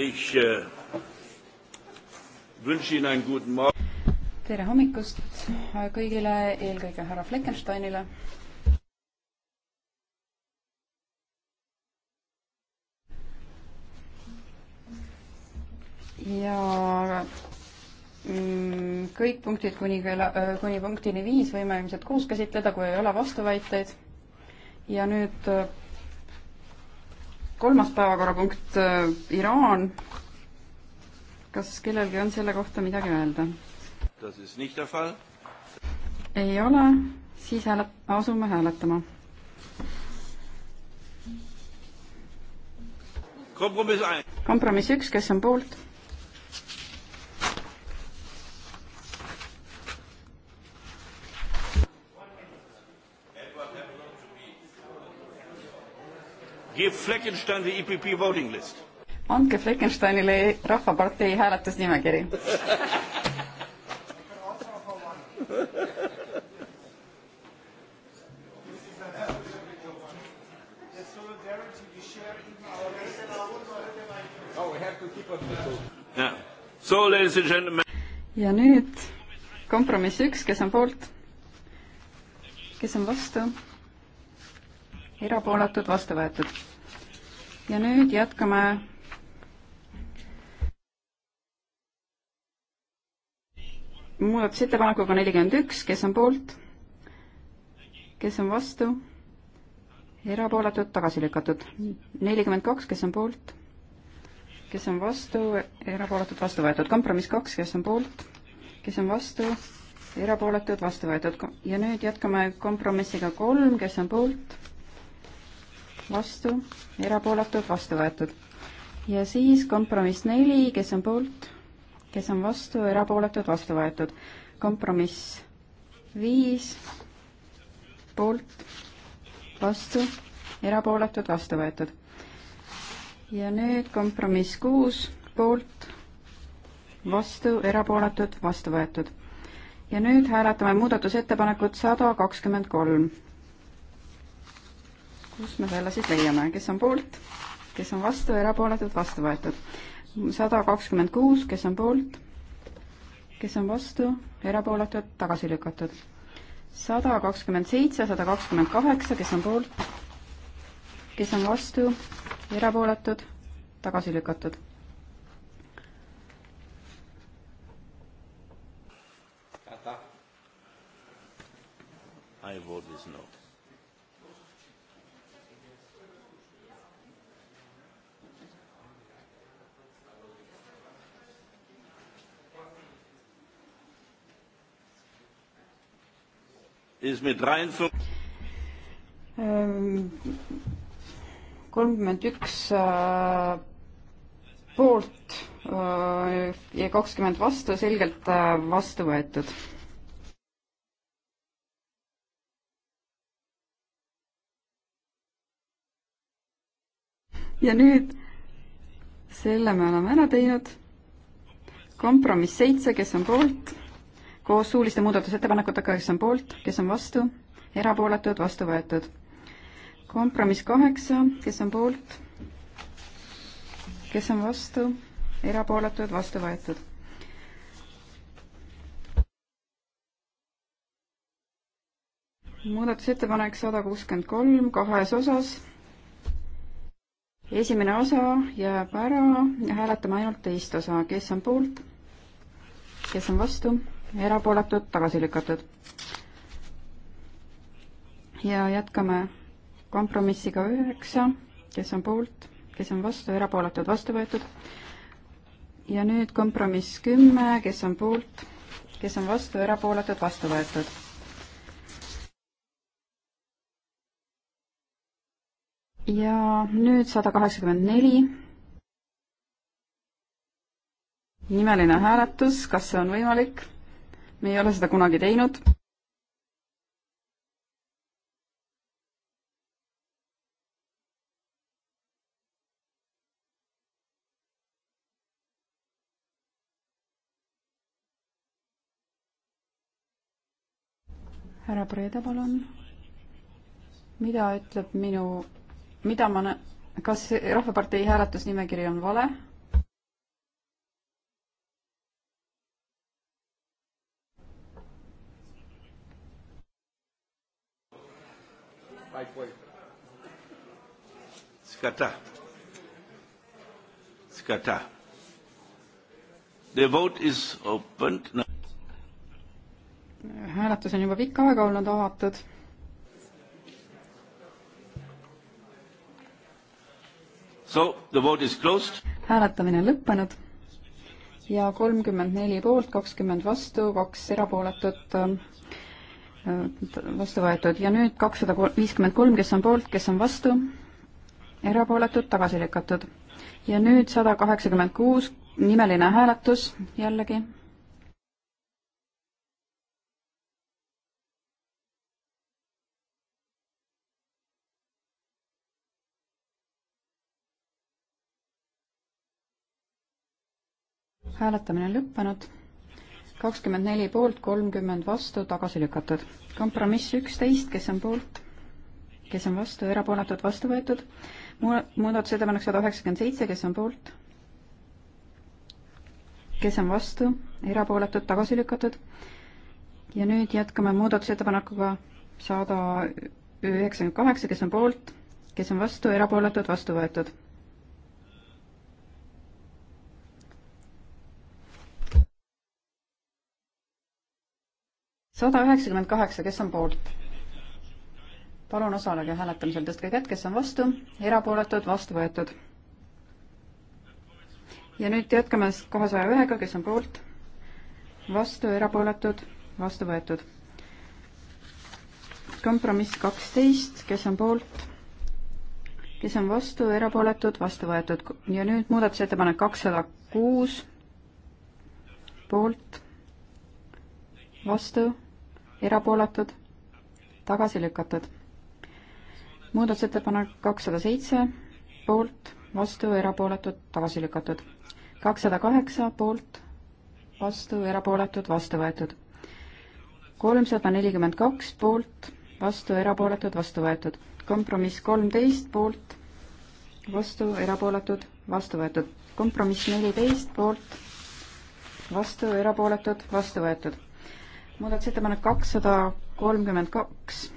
Ich äh, wünsche Ihnen einen guten Morgen. tere hommikust kõigile, eelkõige härra Fleckensteinile. ja mm, kõik punktid kuni kella, äh, kuni punktini viis võime ilmselt koos käsitleda, kui ei ole vastuväiteid. ja nüüd äh, kolmas päevakorrapunkt äh,, Iraan. kas kellelgi on selle kohta midagi öelda? ei ole, siis hääle-, asume hääletama. kompromiss üks, kes on poolt Fleckenstein the EPP voting list. andke Fleckensteinile Rahvapartei hääletusnimekiri ja nüüd kompromiss üks, kes on poolt, kes on vastu, erapooletud, vastu võetud ja nüüd jätkame muudatusettepanekuga nelikümmend üks, kes on poolt, kes on vastu, erapooletud, tagasi lükatud. nelikümmend kaks, kes on poolt, kes on vastu, erapooletud, vastu võetud. kompromiss kaks, kes on poolt, kes on vastu, erapooletud, vastu võetud. ja nüüd jätkame kompromissiga kolm, kes on poolt, vastu, erapooletud, vastu võetud. ja siis kompromiss neli, kes on poolt, kes on vastu, erapooletud, vastu võetud. kompromiss viis, poolt, vastu, erapooletud, vastu võetud. ja nüüd kompromiss kuus, poolt, vastu, erapooletud, vastu võetud. ja nüüd hääletame muudatusettepanekut sada kakskümmend kolm kus me selle siis leiame, kes on poolt, kes on vastu, erapooletud, vastu võetud. sada kakskümmend kuus, kes on poolt, kes on vastu, erapooletud, tagasi lükatud. sada kakskümmend seitse, sada kakskümmend kaheksa, kes on poolt, kes on vastu, erapooletud, tagasi lükatud. I vote is no. Ähm, kolmkümmend üks äh, poolt äh, ja kakskümmend vastu, selgelt äh, vastu võetud. ja nüüd selle me oleme ära teinud. kompromiss seitse, kes on poolt koos suuliste muudatusettepanekutega, kes on poolt, kes on vastu, erapooletud, vastu võetud. kompromiss kaheksa, kes on poolt, kes on vastu, erapooletud, vastu võetud. muudatusettepanek sada kuuskümmend kolm kahes osas. esimene osa jääb ära ja hääletame ainult teist osa, kes on poolt, kes on vastu erapooletud, tagasi lükatud. ja jätkame kompromissiga üheksa, kes on poolt, kes on vastu, erapooletud, vastu võetud. ja nüüd kompromiss kümme, kes on poolt, kes on vastu, erapooletud, vastu võetud. ja nüüd sada kaheksakümmend neli nimeline hääletus, kas see on võimalik? me ei ole seda kunagi teinud. härra Preeda, palun. mida ütleb minu, mida ma nä-, kas Rahvapartei hääletusnimekiri on vale? Κατά. Κατά. The vote is opened. No. hääletus on juba pikka aega olnud avatud. So the vote is closed. hääletamine on lõppenud ja kolmkümmend neli poolt, kakskümmend vastu, kaks erapooletut ähm, äh, vastu võetud ja nüüd kakssada viiskümmend kolm, kes on poolt, kes on vastu, erapooletud, tagasi lükatud. ja nüüd sada kaheksakümmend kuus, nimeline hääletus jällegi. hääletamine on lõppenud kakskümmend neli poolt, kolmkümmend vastu, tagasi lükatud. kompromiss üksteist, kes on poolt, kes on vastu, erapooletud, vastu võetud muudatusettepanek sada üheksakümmend seitse, kes on poolt? kes on vastu, erapooletud, tagasi lükatud. ja nüüd jätkame muudatusettepanekuga sada üheksakümmend kaheksa, kes on poolt, kes on vastu, erapooletud, vastu võetud. sada üheksakümmend kaheksa, kes on poolt? palun osalege hääletamisel, tõstke kätt, kes on vastu, erapooletud, vastu võetud. ja nüüd jätkame kahe saja ühega, kes on poolt, vastu, erapooletud, vastu võetud. kompromiss kaksteist, kes on poolt, kes on vastu, erapooletud, vastu võetud ja nüüd muudatusettepanek kakssada kuus, poolt, vastu, erapooletud, tagasi lükatud muudatusettepanek kakssada seitse, poolt, vastu, erapooletud, tagasi lükatud. kakssada kaheksa, poolt, vastu, erapooletud, vastu võetud. kolmsada nelikümmend kaks, poolt, vastu, erapooletud, vastu võetud. kompromiss kolmteist, poolt, vastu, erapooletud, vastu võetud. kompromiss neliteist, poolt, vastu, erapooletud, vastu võetud. muudatusettepanek kakssada kolmkümmend kaks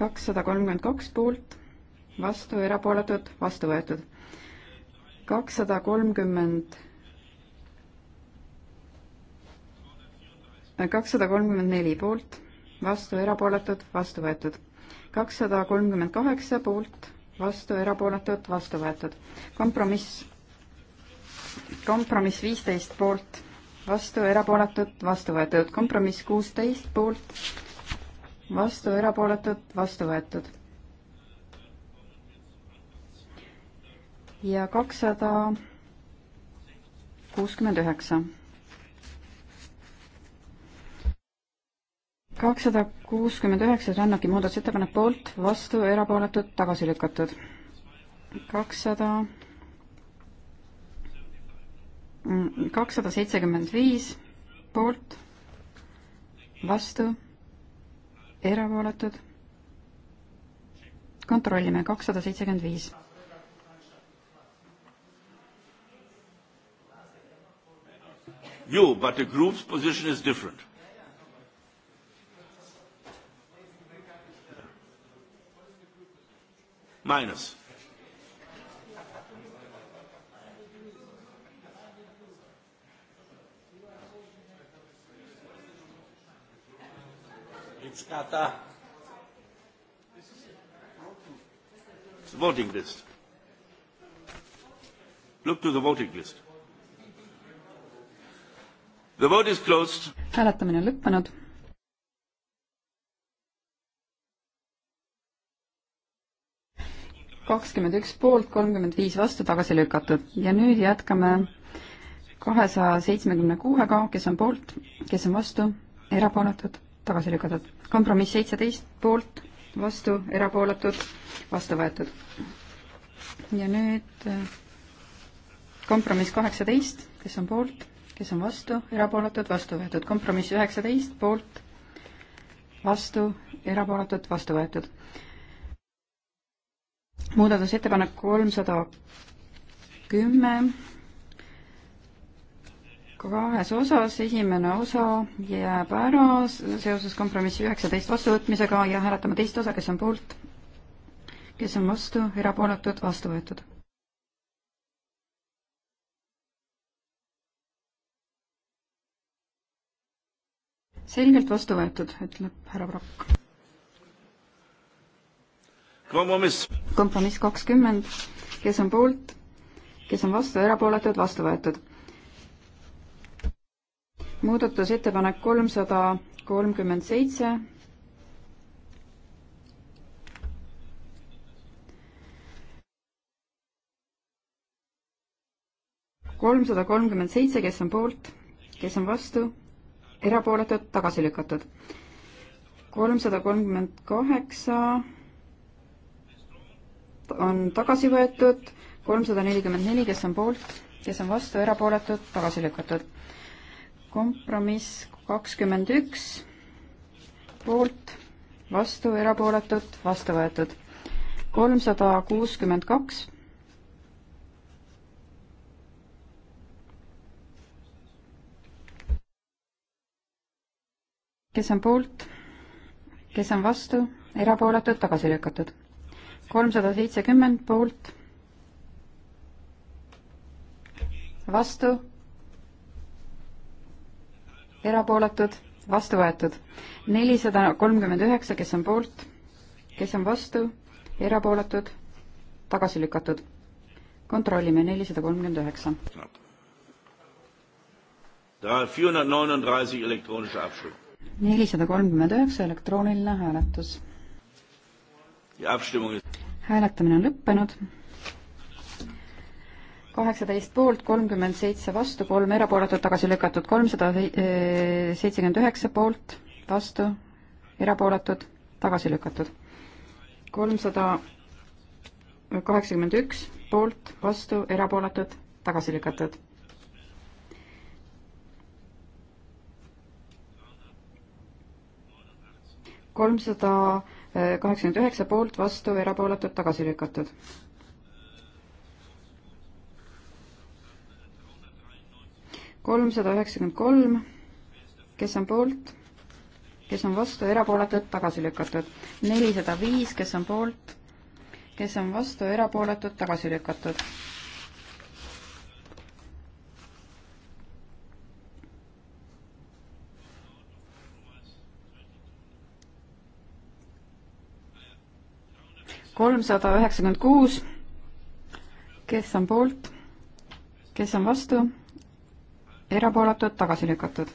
kakssada kolmkümmend kaks poolt, vastu, erapooletud, vastu võetud. kakssada kolmkümmend, äh, kakssada kolmkümmend neli poolt, vastu, erapooletud, vastu võetud. kakssada kolmkümmend kaheksa poolt, vastu, erapooletud, vastu võetud. kompromiss, kompromiss viisteist poolt, vastu, erapooletud, vastu võetud. kompromiss kuusteist poolt vastu, erapooletud, vastu võetud. ja kakssada kuuskümmend üheksa. kakssada kuuskümmend üheksa, see annabki muudatusettepanek poolt, vastu, erapooletud, tagasi lükatud. kakssada, mm, kakssada seitsekümmend viis poolt, vastu erapooletud. kontrollime, kakssada seitsekümmend viis. You, but the group's position is different. Minus Gata. Voting list. Look to the voting list. The vote is closed. hääletamine on lõppenud. kakskümmend üks poolt, kolmkümmend viis vastu, tagasi lükatud ja nüüd jätkame kahesaja seitsmekümne kuuega, kes on poolt, kes on vastu, erapooletud, tagasi lükatud kompromiss seitseteist poolt, vastu, erapooletud, vastu võetud. ja nüüd äh, kompromiss kaheksateist, kes on poolt, kes on vastu, erapooletud, vastu võetud. kompromiss üheksateist poolt, vastu, erapooletud, vastu võetud. muudatusettepanek kolmsada kümme kahes osas, esimene osa jääb ära seoses kompromissi üheksateist vastuvõtmisega ja hääletame teist osa, kes on poolt, kes on vastu, erapooletud, vastu võetud. selgelt vastu võetud, ütleb härra Prokk. kompromiss. kompromiss kakskümmend, kes on poolt, kes on vastu, erapooletud, vastu võetud muudatusettepanek kolmsada kolmkümmend seitse. kolmsada kolmkümmend seitse, kes on poolt, kes on vastu, erapooletud, tagasi lükatud. kolmsada kolmkümmend kaheksa on tagasi võetud, kolmsada nelikümmend neli, kes on poolt, kes on vastu, erapooletud, tagasi lükatud kompromiss kakskümmend üks, poolt, vastu, erapooletud, vastu võetud. kolmsada kuuskümmend kaks, kes on poolt, kes on vastu, erapooletud, tagasi lükatud. kolmsada seitsekümmend poolt, vastu erapooletud, vastu võetud. nelisada kolmkümmend üheksa, kes on poolt, kes on vastu, erapooletud, tagasi lükatud. kontrollime, nelisada kolmkümmend üheksa. nelisada kolmkümmend üheksa, elektrooniline hääletus. hääletamine on lõppenud kaheksateist poolt, kolmkümmend seitse vastu, kolm erapooletut tagasi lükatud, kolmsada eh, seitsekümmend üheksa poolt, vastu, erapooletud, tagasi lükatud. kolmsada kaheksakümmend üks poolt, vastu, erapooletud, tagasi lükatud. kolmsada eh, kaheksakümmend üheksa poolt, vastu, erapooletud, tagasi lükatud kolmsada üheksakümmend kolm, kes on poolt, kes on vastu, erapooletud, tagasi lükatud. nelisada viis, kes on poolt, kes on vastu, erapooletud, tagasi lükatud. kolmsada üheksakümmend kuus, kes on poolt, kes on vastu erapooletud, tagasi lükatud.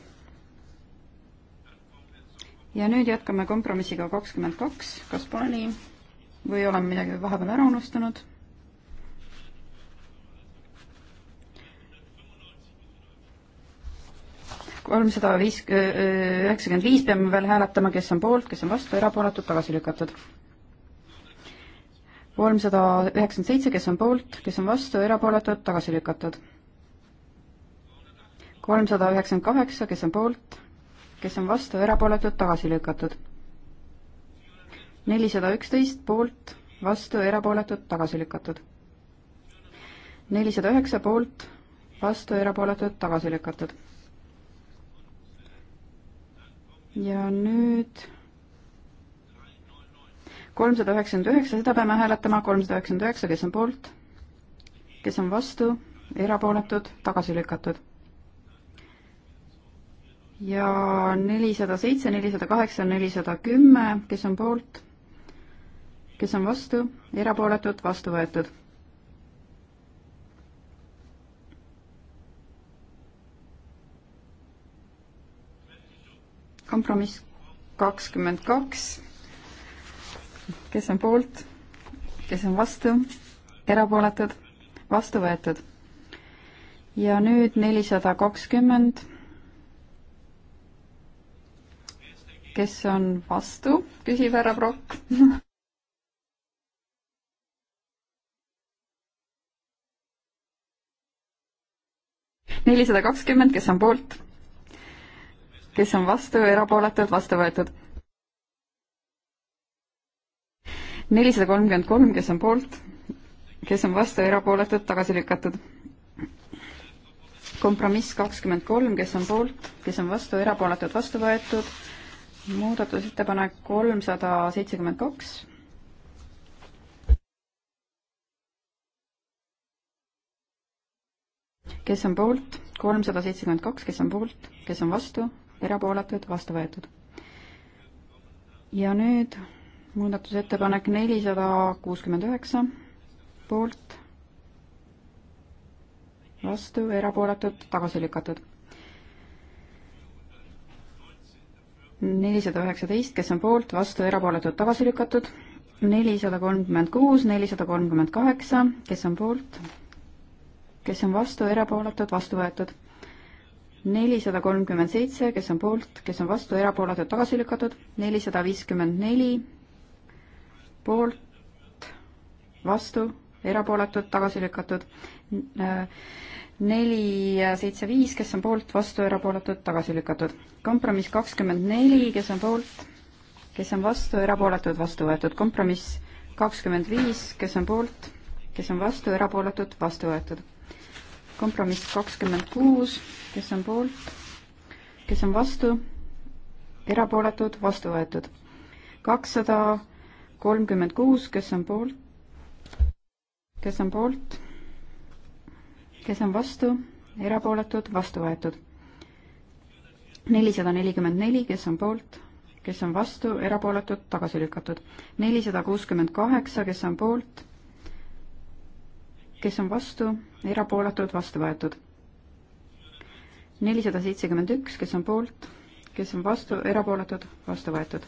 ja nüüd jätkame kompromissiga kakskümmend kaks, kas pole nii? või oleme midagi vahepeal ära unustanud? kolmsada viis, äh, äh, üheksakümmend viis peame veel hääletama, kes on poolt, kes on vastu, erapooletud, tagasi lükatud. kolmsada üheksakümmend seitse, kes on poolt, kes on vastu, erapooletud, tagasi lükatud kolmsada üheksakümmend kaheksa, kes on poolt, kes on vastu, erapooletud, tagasi lükatud. nelisada üksteist poolt, vastu, erapooletud, tagasi lükatud. nelisada üheksa poolt, vastu, erapooletud, tagasi lükatud. ja nüüd kolmsada üheksakümmend üheksa, seda peame hääletama, kolmsada üheksakümmend üheksa, kes on poolt, kes on vastu, erapooletud, tagasi lükatud ja nelisada seitse, nelisada kaheksa, nelisada kümme, kes on poolt, kes on vastu, erapooletud, vastu võetud kompromiss kakskümmend kaks. kes on poolt, kes on vastu, erapooletud, vastu võetud. ja nüüd nelisada kakskümmend kes on vastu, küsib härra Prokk nelisada kakskümmend, kes on poolt, kes on vastu, erapooletud, vastu võetud. nelisada kolmkümmend kolm, kes on poolt, kes on vastu, erapooletud, tagasi lükatud. kompromiss kakskümmend kolm, kes on poolt, kes on vastu, erapooletud, vastu võetud muudatusettepanek kolmsada seitsekümmend kaks. kes on poolt? kolmsada seitsekümmend kaks, kes on poolt, kes on vastu, erapooletud, vastu võetud. ja nüüd muudatusettepanek nelisada kuuskümmend üheksa, poolt, vastu, erapooletud, tagasi lükatud nelisada üheksateist, kes on poolt, vastu, erapooletud, tagasi lükatud. nelisada kolmkümmend kuus, nelisada kolmkümmend kaheksa, kes on poolt, kes on vastu, erapooletud, vastu võetud. nelisada kolmkümmend seitse, kes on poolt, kes on vastu, erapooletud, tagasi lükatud. nelisada viiskümmend neli, poolt, vastu erapooletud, tagasi lükatud. neli, seitse, viis, kes on poolt, vastu, erapooletud, tagasi lükatud. kompromiss kakskümmend neli, kes on poolt, kes on vastu, erapooletud, vastu võetud. kompromiss kakskümmend viis, kes on poolt, kes on vastu, erapooletud, vastu võetud. kompromiss kakskümmend kuus, kes on poolt, kes on vastu, erapooletud, vastu võetud. kakssada kolmkümmend kuus, kes on poolt, kes on poolt, kes on vastu, erapooletud, vastu võetud. nelisada nelikümmend neli, kes on poolt, kes on vastu, erapooletud, tagasi lükatud. nelisada kuuskümmend kaheksa, kes on poolt, kes on vastu, erapooletud, vastu võetud. nelisada seitsekümmend üks, kes on poolt, kes on vastu, erapooletud, vastu võetud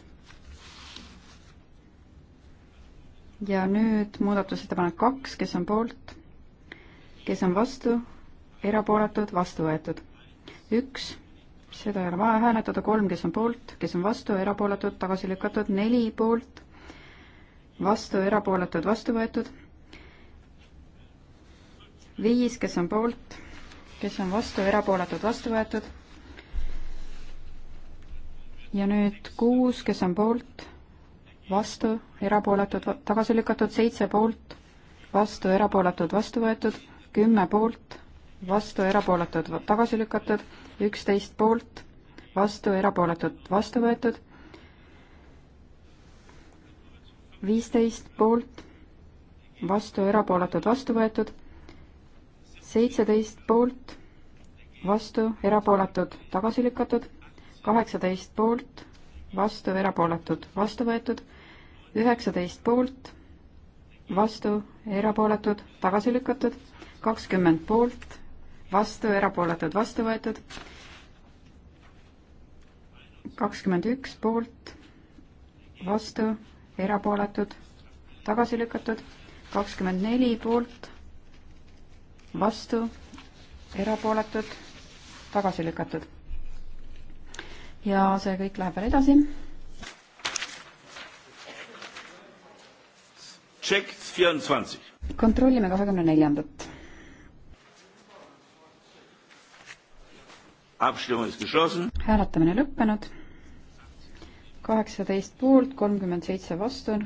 ja nüüd muudatusettepanek kaks, kes on poolt, kes on vastu, erapooletud, vastu võetud. üks, seda ei ole vaja hääletada, kolm, kes on poolt, kes on vastu, erapooletud, tagasi lükatud, neli poolt, vastu, erapooletud, vastu võetud, viis, kes on poolt, kes on vastu, erapooletud, vastu võetud, ja nüüd kuus, kes on poolt vastu, erapooletud, tagasi lükatud, seitse poolt, vastu, erapooletud, vastu võetud, kümme poolt, vastu, erapooletud, tagasi lükatud, üksteist poolt, vastu, erapooletud, vastu võetud, viisteist poolt, vastu, erapooletud, vastu võetud, seitseteist poolt, vastu, erapooletud, tagasi lükatud, kaheksateist poolt, vastu, erapooletud, vastu võetud üheksateist poolt, vastu, erapooletud, tagasi lükatud, kakskümmend poolt, vastu, erapooletud, vastu võetud, kakskümmend üks poolt, vastu, erapooletud, tagasi lükatud, kakskümmend neli poolt, vastu, erapooletud, tagasi lükatud. ja see kõik läheb veel edasi kontrollime kahekümne neljandat. hääletamine lõppenud. kaheksateist poolt, kolmkümmend seitse vastu,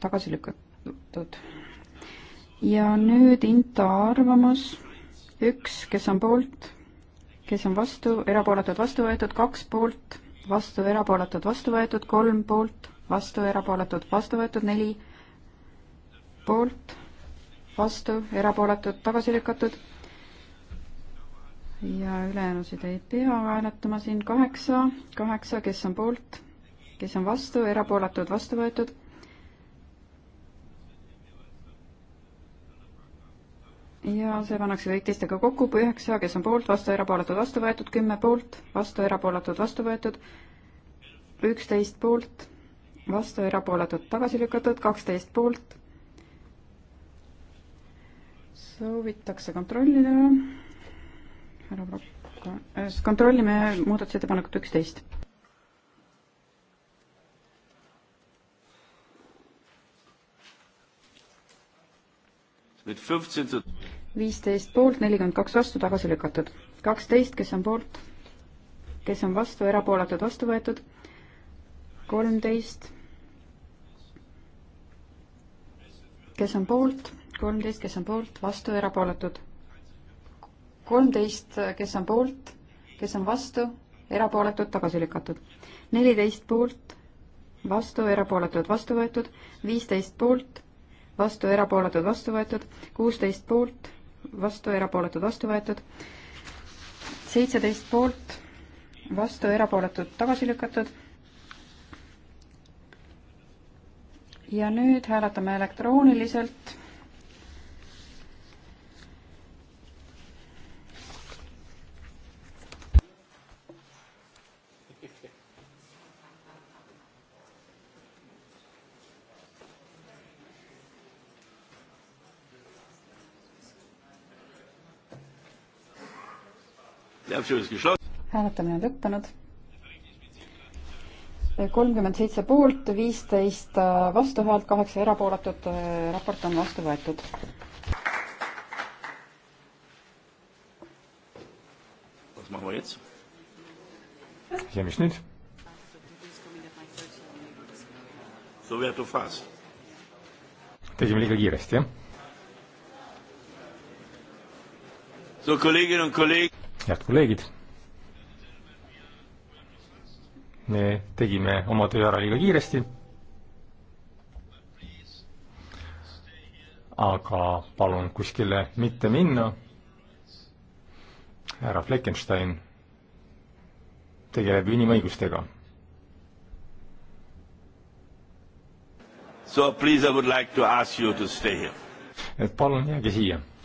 tagasi lükatud. ja nüüd Inta arvamus, üks, kes on poolt, kes on vastu, erapooletud vastu võetud, kaks poolt, vastu erapooletud vastu võetud, kolm poolt, vastu erapooletud vastu võetud, neli poolt, vastu, erapooletud, tagasi lükatud. ja ülejäänusid ei pea hääletama siin kaheksa, kaheksa, kes on poolt, kes on vastu, erapooletud, vastu võetud ja see pannakse kõik teistega kokku, üheksa, kes on poolt, vastu, erapooletud, vastu võetud, kümme poolt, vastu, erapooletud, vastu võetud, üksteist poolt, vastu, erapooletud, tagasi lükatud, kaksteist poolt, soovitakse kontrollida. härra Prokk, äh, kontrollime muudatusettepanekut üksteist. viisteist poolt, nelikümmend kaks vastu, tagasi lükatud. kaksteist, kes on poolt, kes on vastu, erapooletud, vastu võetud. kolmteist, kes on poolt kolmteist, kes on poolt, vastu, erapooletud. kolmteist, kes on poolt, kes on vastu, erapooletud, tagasi lükatud. neliteist poolt, vastu, erapooletud, vastu võetud. viisteist poolt, vastu, erapooletud, vastu võetud. kuusteist poolt, vastu, erapooletud, vastu võetud. seitseteist poolt, vastu, erapooletud, tagasi lükatud ja nüüd hääletame elektrooniliselt hääletamine on lõppenud. kolmkümmend seitse poolt, viisteist äh, vastuhäält, kaheksa erapooletut, äh, raport on vastu võetud. ja mis nüüd? tegime liiga kiiresti, jah? head kolleegid. me tegime oma töö ära liiga kiiresti. aga palun kuskile mitte minna. härra Fleckenstein tegeleb inimõigustega. So please I would like to ask you to stay here. et palun jääge siia